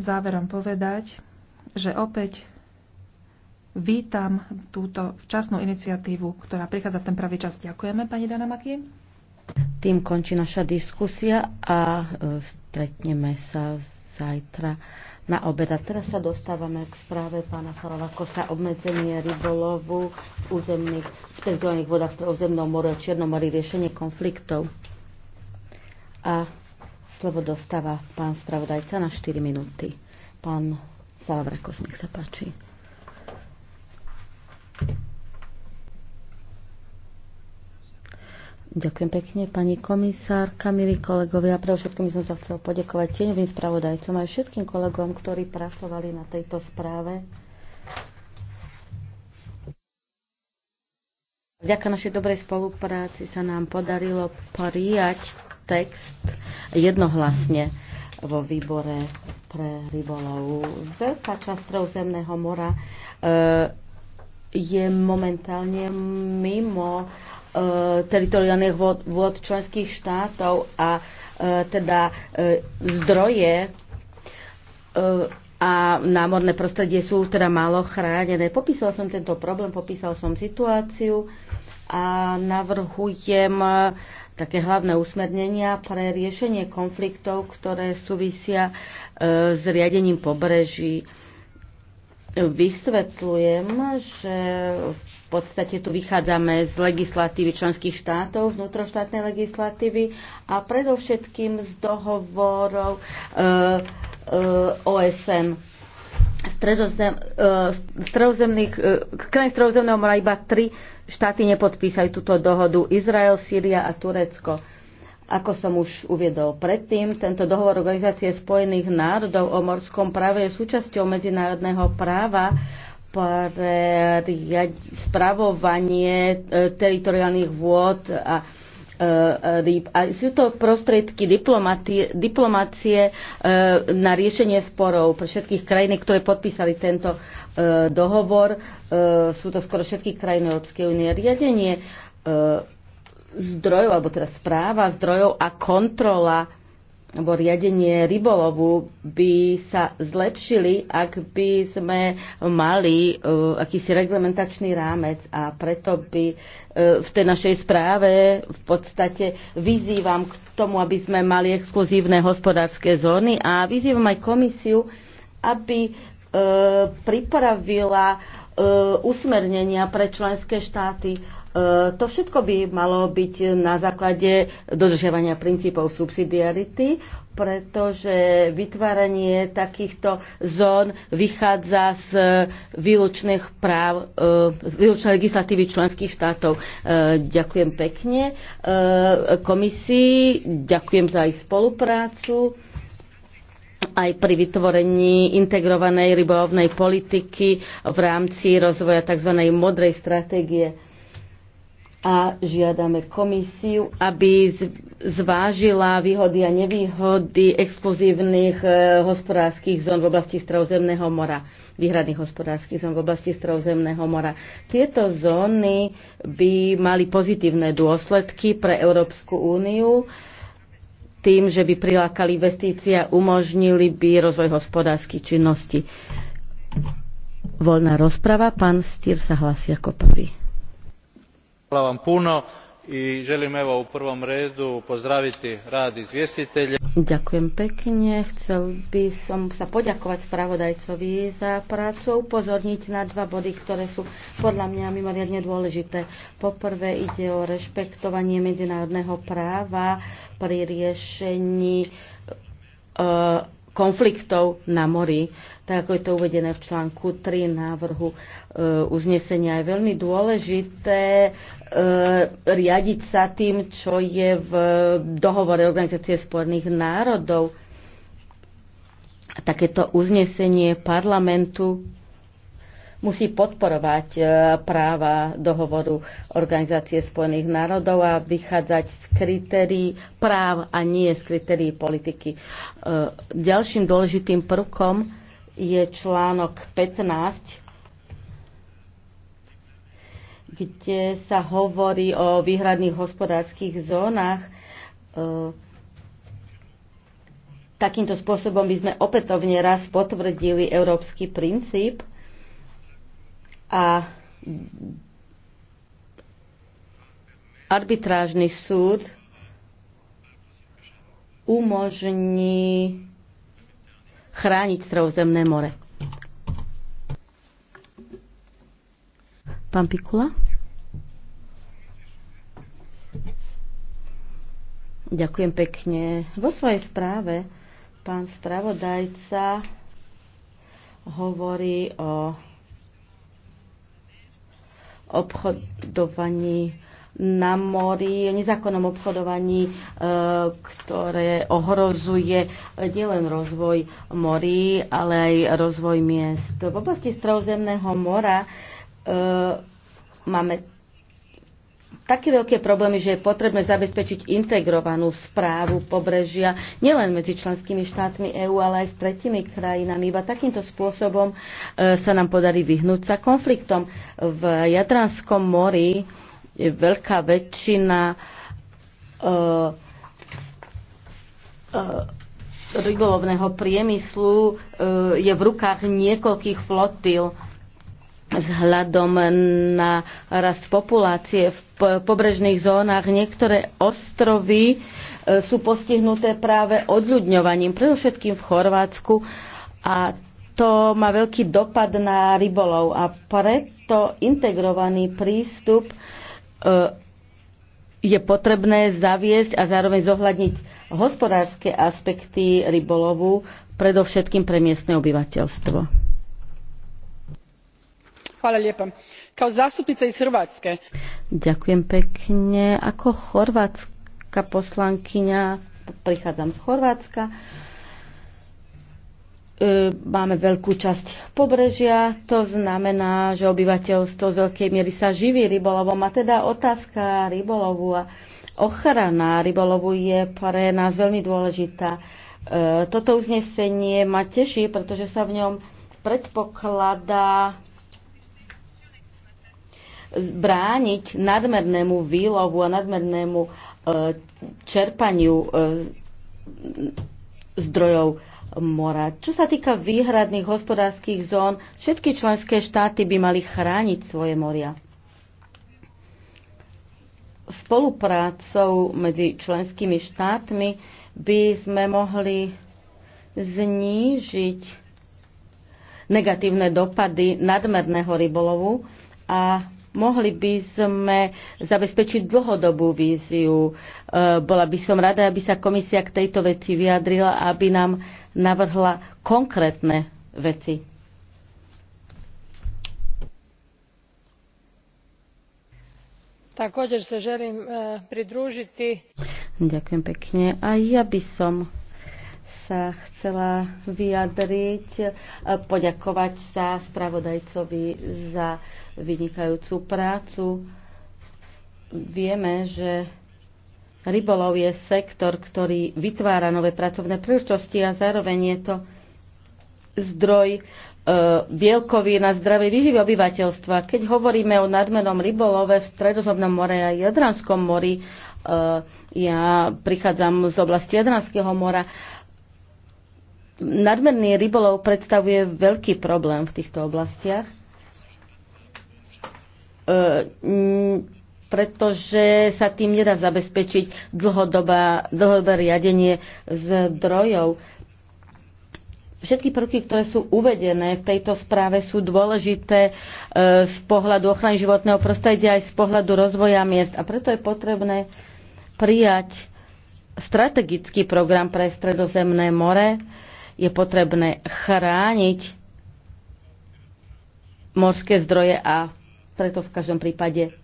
záverom povedať, že opäť vítam túto včasnú iniciatívu, ktorá prichádza v ten pravý čas. Ďakujeme, pani Dana Maky. Tým končí naša diskusia a e, stretneme sa zajtra na obed. A teraz sa dostávame k správe pána Chalavakosa obmedzenie rybolovu v územných, v vodách v územnom more, a Čiernom mori riešenie konfliktov. A Slovo dostáva pán spravodajca na 4 minúty. Pán Salavrakos, nech sa páči. Ďakujem pekne, pani komisárka, milí kolegovia. Pre všetkým som sa chcel podekovať tieňovým spravodajcom aj všetkým kolegom, ktorí pracovali na tejto správe. Vďaka našej dobrej spolupráci sa nám podarilo prijať text jednohlasne vo výbore pre rybolov. Veľká časť Trozemného mora e, je momentálne mimo e, teritoriálnych vod vod členských štátov a e, teda e, zdroje e, a námorné prostredie sú teda málo chránené. Popísal som tento problém, popísal som situáciu. E, a navrhujem e, také hlavné usmernenia pre riešenie konfliktov, ktoré súvisia e, s riadením pobreží. Vysvetľujem, že v podstate tu vychádzame z legislatívy členských štátov, z vnútroštátnej legislatívy a predovšetkým z dohovorov e, OSN stredozem, eh, stredozemných, eh, krajín stredozemného mora iba tri štáty nepodpísali túto dohodu. Izrael, Sýria a Turecko. Ako som už uviedol predtým, tento dohovor Organizácie spojených národov o morskom práve je súčasťou medzinárodného práva pre spravovanie eh, teritoriálnych vôd a E, e, a sú to prostriedky diplomácie e, na riešenie sporov pre všetkých krajín, ktoré podpísali tento dohovor. Sú to skoro všetky krajiny Európskej únie. Riadenie zdrojov, alebo teda správa zdrojov a kontrola alebo riadenie rybolovu by sa zlepšili, ak by sme mali uh, akýsi reglementačný rámec a preto by uh, v tej našej správe v podstate vyzývam k tomu, aby sme mali exkluzívne hospodárske zóny a vyzývam aj komisiu, aby E, pripravila e, usmernenia pre členské štáty. E, to všetko by malo byť na základe dodržiavania princípov subsidiarity, pretože vytváranie takýchto zón vychádza z výlučných práv, výlučnej legislatívy členských štátov. Ďakujem pekne komisii, ďakujem za ich spoluprácu aj pri vytvorení integrovanej rybovnej politiky v rámci rozvoja tzv. modrej stratégie. A žiadame komisiu, aby zvážila výhody a nevýhody exkluzívnych e, hospodárskych zón v oblasti Stredozemného mora výhradných hospodárskych zón v oblasti Stredozemného mora. Tieto zóny by mali pozitívne dôsledky pre Európsku úniu, tým, že by prilákali investície a umožnili by rozvoj hospodárskej činnosti. Voľná rozprava. Pán Stier sa hlasí ako prvý. Hvala vám puno i želim evo u prvom redu pozdraviti rad izvjestitelja. Ďakujem pekne. Chcel by som sa poďakovať spravodajcovi za prácu a upozorniť na dva body, ktoré sú podľa mňa mimoriadne dôležité. Poprvé ide o rešpektovanie medzinárodného práva pri riešení e, konfliktov na mori, tak ako je to uvedené v článku 3 návrhu e, uznesenia. Je veľmi dôležité e, riadiť sa tým, čo je v dohovore Organizácie sporných národov. Takéto uznesenie parlamentu musí podporovať e, práva dohovoru Organizácie spojených národov a vychádzať z kritérií práv a nie z kritérií politiky. E, ďalším dôležitým prvkom je článok 15 kde sa hovorí o výhradných hospodárskych zónach. E, takýmto spôsobom by sme opätovne raz potvrdili európsky princíp a arbitrážny súd umožní chrániť Stredozemné more. Pán Pikula? Ďakujem pekne. Vo svojej správe pán spravodajca hovorí o obchodovaní na mori, nezákonnom obchodovaní, e, ktoré ohrozuje nielen rozvoj morí, ale aj rozvoj miest. V oblasti Stredozemného mora e, máme také veľké problémy, že je potrebné zabezpečiť integrovanú správu pobrežia nielen medzi členskými štátmi EÚ, ale aj s tretimi krajinami. Iba takýmto spôsobom e, sa nám podarí vyhnúť sa konfliktom. V Jadranskom mori je veľká väčšina e, e, rybolovného priemyslu je v rukách niekoľkých flotil vzhľadom na rast populácie v pobrežných zónach niektoré ostrovy e, sú postihnuté práve odľudňovaním, predovšetkým v Chorvátsku a to má veľký dopad na rybolov a preto integrovaný prístup e, je potrebné zaviesť a zároveň zohľadniť hospodárske aspekty rybolovu, predovšetkým pre miestne obyvateľstvo kao zastupnica iz hrvatske. ďakujem pekne. ako chorvátska poslankyňa prichádzam z chorvátska e, máme veľkú časť pobrežia, to znamená, že obyvateľstvo z veľkej miery sa živí rybolovom. A teda otázka rybolovu a ochrana rybolovu je pre nás veľmi dôležitá. E, toto uznesenie ma teší, pretože sa v ňom predpokladá brániť nadmernému výlovu a nadmernému e, čerpaniu e, zdrojov mora. Čo sa týka výhradných hospodárskych zón, všetky členské štáty by mali chrániť svoje moria. Spoluprácou medzi členskými štátmi by sme mohli znížiť negatívne dopady nadmerného rybolovu a mohli by sme zabezpečiť dlhodobú víziu. E, bola by som rada, aby sa komisia k tejto veci vyjadrila, aby nám navrhla konkrétne veci. Također se želim e, pridružiti. Ďakujem pekne. A ja by som sa chcela vyjadriť, e, poďakovať sa spravodajcovi za vynikajúcu prácu. Vieme, že rybolov je sektor, ktorý vytvára nové pracovné príležitosti a zároveň je to zdroj e, bielkovi na zdravej výživy obyvateľstva. Keď hovoríme o nadmenom rybolove v Stredozemnom more a Jadranskom mori, e, ja prichádzam z oblasti Jadranského mora, nadmerný rybolov predstavuje veľký problém v týchto oblastiach, e, pretože sa tým nedá zabezpečiť dlhodobá, dlhodobé riadenie zdrojov. Všetky prvky, ktoré sú uvedené v tejto správe, sú dôležité e, z pohľadu ochrany životného prostredia aj z pohľadu rozvoja miest. A preto je potrebné prijať strategický program pre Stredozemné more, je potrebné chrániť morské zdroje a preto v každom prípade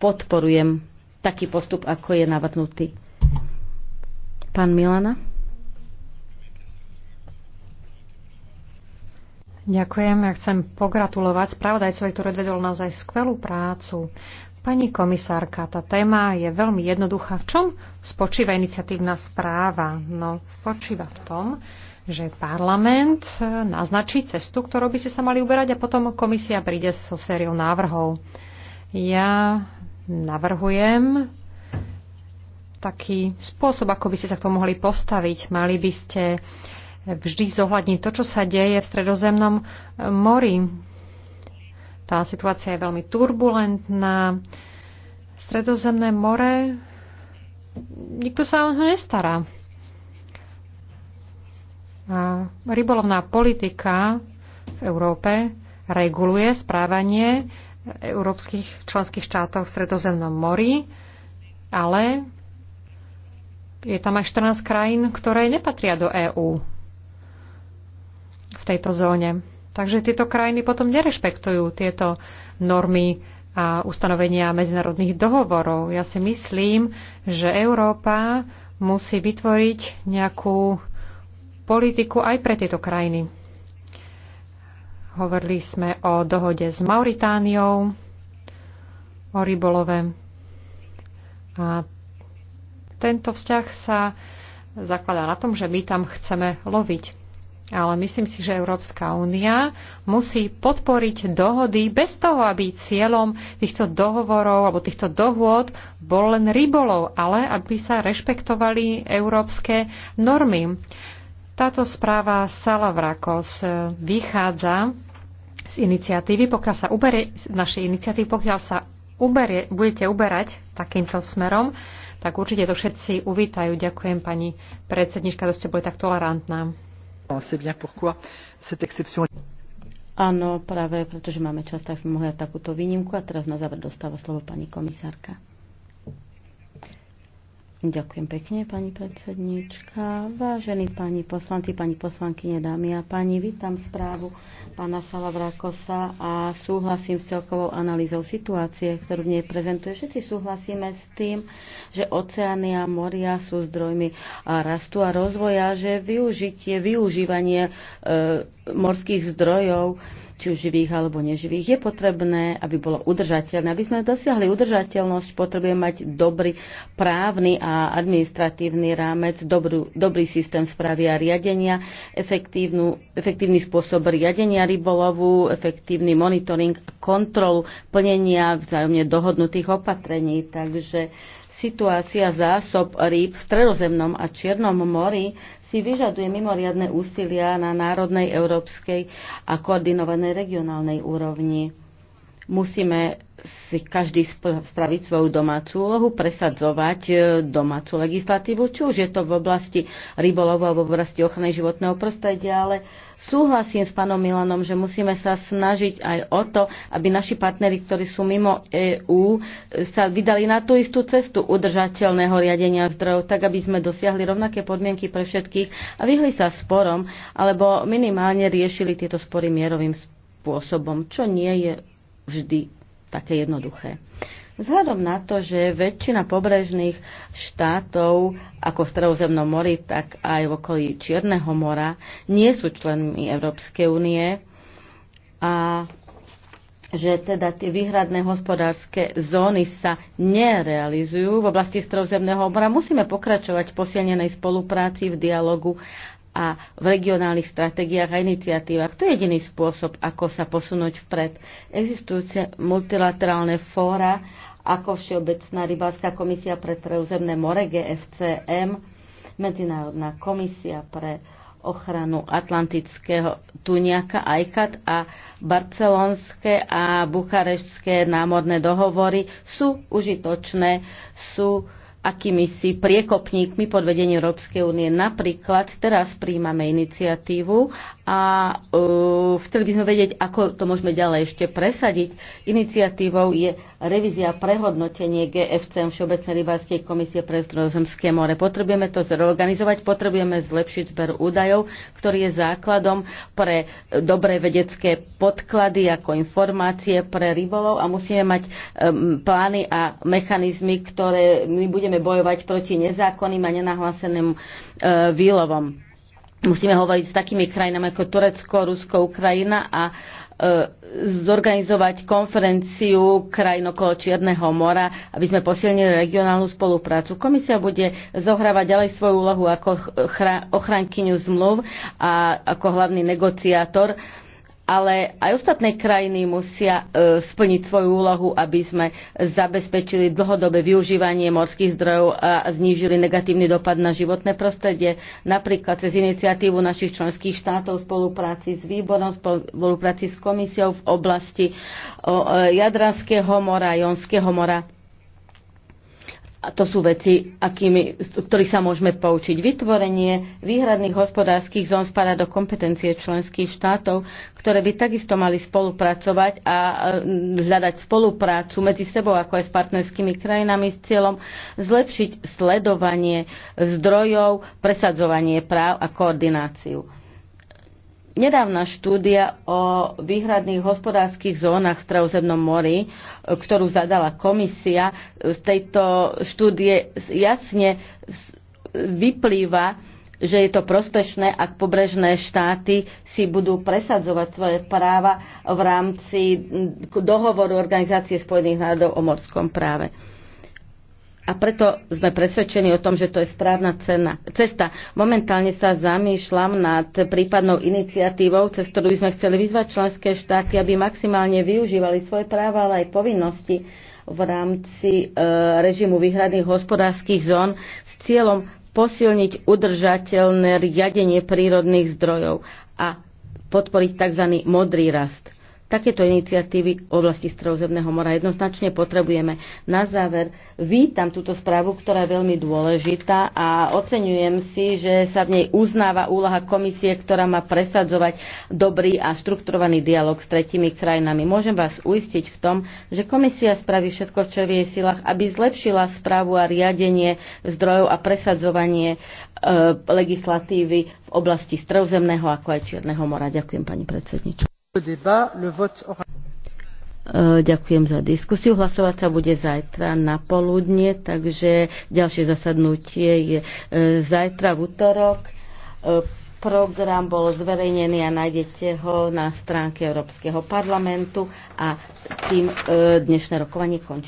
podporujem taký postup, ako je navrhnutý. Pán Milana. Ďakujem. Ja chcem pogratulovať spravodajcovi, ktorý odvedol naozaj skvelú prácu. Pani komisárka, tá téma je veľmi jednoduchá. V čom spočíva iniciatívna správa? No, spočíva v tom, že parlament e, naznačí cestu, ktorou by ste sa mali uberať a potom komisia príde so sériou návrhov. Ja navrhujem taký spôsob, ako by ste sa k tomu mohli postaviť. Mali by ste vždy zohľadniť to, čo sa deje v stredozemnom e, mori. Tá situácia je veľmi turbulentná. Stredozemné more, nikto sa o neho nestará rybolovná politika v Európe reguluje správanie európskych členských štátov v Sredozemnom mori, ale je tam aj 14 krajín, ktoré nepatria do EÚ v tejto zóne. Takže tieto krajiny potom nerešpektujú tieto normy a ustanovenia medzinárodných dohovorov. Ja si myslím, že Európa musí vytvoriť nejakú politiku aj pre tieto krajiny. Hovorili sme o dohode s Mauritániou, o rybolove. A tento vzťah sa zakladá na tom, že my tam chceme loviť. Ale myslím si, že Európska únia musí podporiť dohody bez toho, aby cieľom týchto dohovorov alebo týchto dohôd bol len rybolov, ale aby sa rešpektovali európske normy. Táto správa Salavrakos e, vychádza z iniciatívy, pokiaľ sa uberie, z našej iniciatívy, pokiaľ sa uberie, budete uberať takýmto smerom, tak určite to všetci uvítajú. Ďakujem pani predsednička, že ste boli tak tolerantná. Áno, práve pretože máme čas, tak sme mohli takúto výnimku a teraz na záver dostáva slovo pani komisárka. Ďakujem pekne, pani predsedníčka. Vážení pani poslanci, pani poslankyne, dámy a pani. vítam správu pána Salavrakosa a súhlasím s celkovou analýzou situácie, ktorú v nej prezentuje. Všetci súhlasíme s tým, že oceány a moria sú zdrojmi rastu a rozvoja, že využitie, využívanie e, morských zdrojov či už živých alebo neživých, je potrebné, aby bolo udržateľné. Aby sme dosiahli udržateľnosť, potrebujeme mať dobrý právny a administratívny rámec, dobrú, dobrý systém správy a riadenia, efektívny spôsob riadenia rybolovu, efektívny monitoring, kontrolu plnenia vzájomne dohodnutých opatrení. Takže situácia zásob rýb v Stredozemnom a Čiernom mori si vyžaduje mimoriadne úsilia na národnej, európskej a koordinovanej regionálnej úrovni Musíme si každý spraviť svoju domácu úlohu, presadzovať e, domácu legislatívu, či už je to v oblasti rybolovu alebo v oblasti ochrany životného prostredia, ale súhlasím s pánom Milanom, že musíme sa snažiť aj o to, aby naši partneri, ktorí sú mimo EÚ, sa vydali na tú istú cestu udržateľného riadenia zdrojov, tak aby sme dosiahli rovnaké podmienky pre všetkých a vyhli sa sporom, alebo minimálne riešili tieto spory mierovým spôsobom, čo nie je vždy také jednoduché. Vzhľadom na to, že väčšina pobrežných štátov, ako v Stredozemnom mori, tak aj v okolí Čierneho mora, nie sú členmi Európskej únie a že teda tie výhradné hospodárske zóny sa nerealizujú v oblasti Stredozemného mora, musíme pokračovať v posilnenej spolupráci, v dialogu a v regionálnych stratégiách a iniciatívach. To je jediný spôsob, ako sa posunúť vpred. Existujúce multilaterálne fóra, ako Všeobecná rybárska komisia pre preuzemné more GFCM, Medzinárodná komisia pre ochranu atlantického tuniaka ICAT a barcelonské a bucharešské námorné dohovory sú užitočné, sú uh, akými si priekopníkmi pod vedením Európskej únie. Napríklad teraz príjmame iniciatívu a uh, chceli by sme vedieť, ako to môžeme ďalej ešte presadiť. Iniciatívou je revízia prehodnotenie GFC Všeobecnej rybárskej komisie pre Zdrozemské more. Potrebujeme to zorganizovať, potrebujeme zlepšiť zber údajov, ktorý je základom pre dobré vedecké podklady ako informácie pre rybolov a musíme mať um, plány a mechanizmy, ktoré my budeme musíme bojovať proti nezákonným a nenahláseným e, výlovom. Musíme hovoriť s takými krajinami ako Turecko, Rusko, Ukrajina a e, zorganizovať konferenciu krajín okolo Čierneho mora, aby sme posilnili regionálnu spoluprácu. Komisia bude zohrávať ďalej svoju úlohu ako ochrankyňu zmluv a ako hlavný negociátor ale aj ostatné krajiny musia e, splniť svoju úlohu, aby sme zabezpečili dlhodobé využívanie morských zdrojov a znížili negatívny dopad na životné prostredie, napríklad cez iniciatívu našich členských štátov v spolupráci s výborom, spolupráci s komisiou v oblasti o, e, Jadranského mora, Jonského mora a to sú veci, akými, z ktorých sa môžeme poučiť. Vytvorenie výhradných hospodárskych zón spadá do kompetencie členských štátov, ktoré by takisto mali spolupracovať a mm, hľadať spoluprácu medzi sebou, ako aj s partnerskými krajinami, s cieľom zlepšiť sledovanie zdrojov, presadzovanie práv a koordináciu. Nedávna štúdia o výhradných hospodárskych zónach v Stredozemnom mori, e, ktorú zadala komisia, e, z tejto štúdie jasne vyplýva, že je to prospešné, ak pobrežné štáty si budú presadzovať svoje práva v rámci dohovoru Organizácie spojených národov o morskom práve a preto sme presvedčení o tom, že to je správna cena, cesta. Momentálne sa zamýšľam nad prípadnou iniciatívou, cez ktorú by sme chceli vyzvať členské štáty, aby maximálne využívali svoje práva, ale aj povinnosti v rámci e, režimu výhradných hospodárskych zón s cieľom posilniť udržateľné riadenie prírodných zdrojov a podporiť tzv. modrý rast. Takéto iniciatívy v oblasti Stredozemného mora jednoznačne potrebujeme. Na záver vítam túto správu, ktorá je veľmi dôležitá a oceňujem si, že sa v nej uznáva úlaha komisie, ktorá má presadzovať dobrý a štrukturovaný dialog s tretimi krajinami. Môžem vás uistiť v tom, že komisia spraví všetko, čo je v jej silách, aby zlepšila správu a riadenie zdrojov a presadzovanie e, legislatívy v oblasti Stredozemného ako aj Čierneho mora. Ďakujem, pani predsednička. Eh, ďakujem za diskusiu. Hlasovať sa bude zajtra na poludne, takže ďalšie zasadnutie je eh, zajtra v útorok. Eh, program bol zverejnený a nájdete ho na stránke Európskeho parlamentu a tým dnešné rokovanie končí.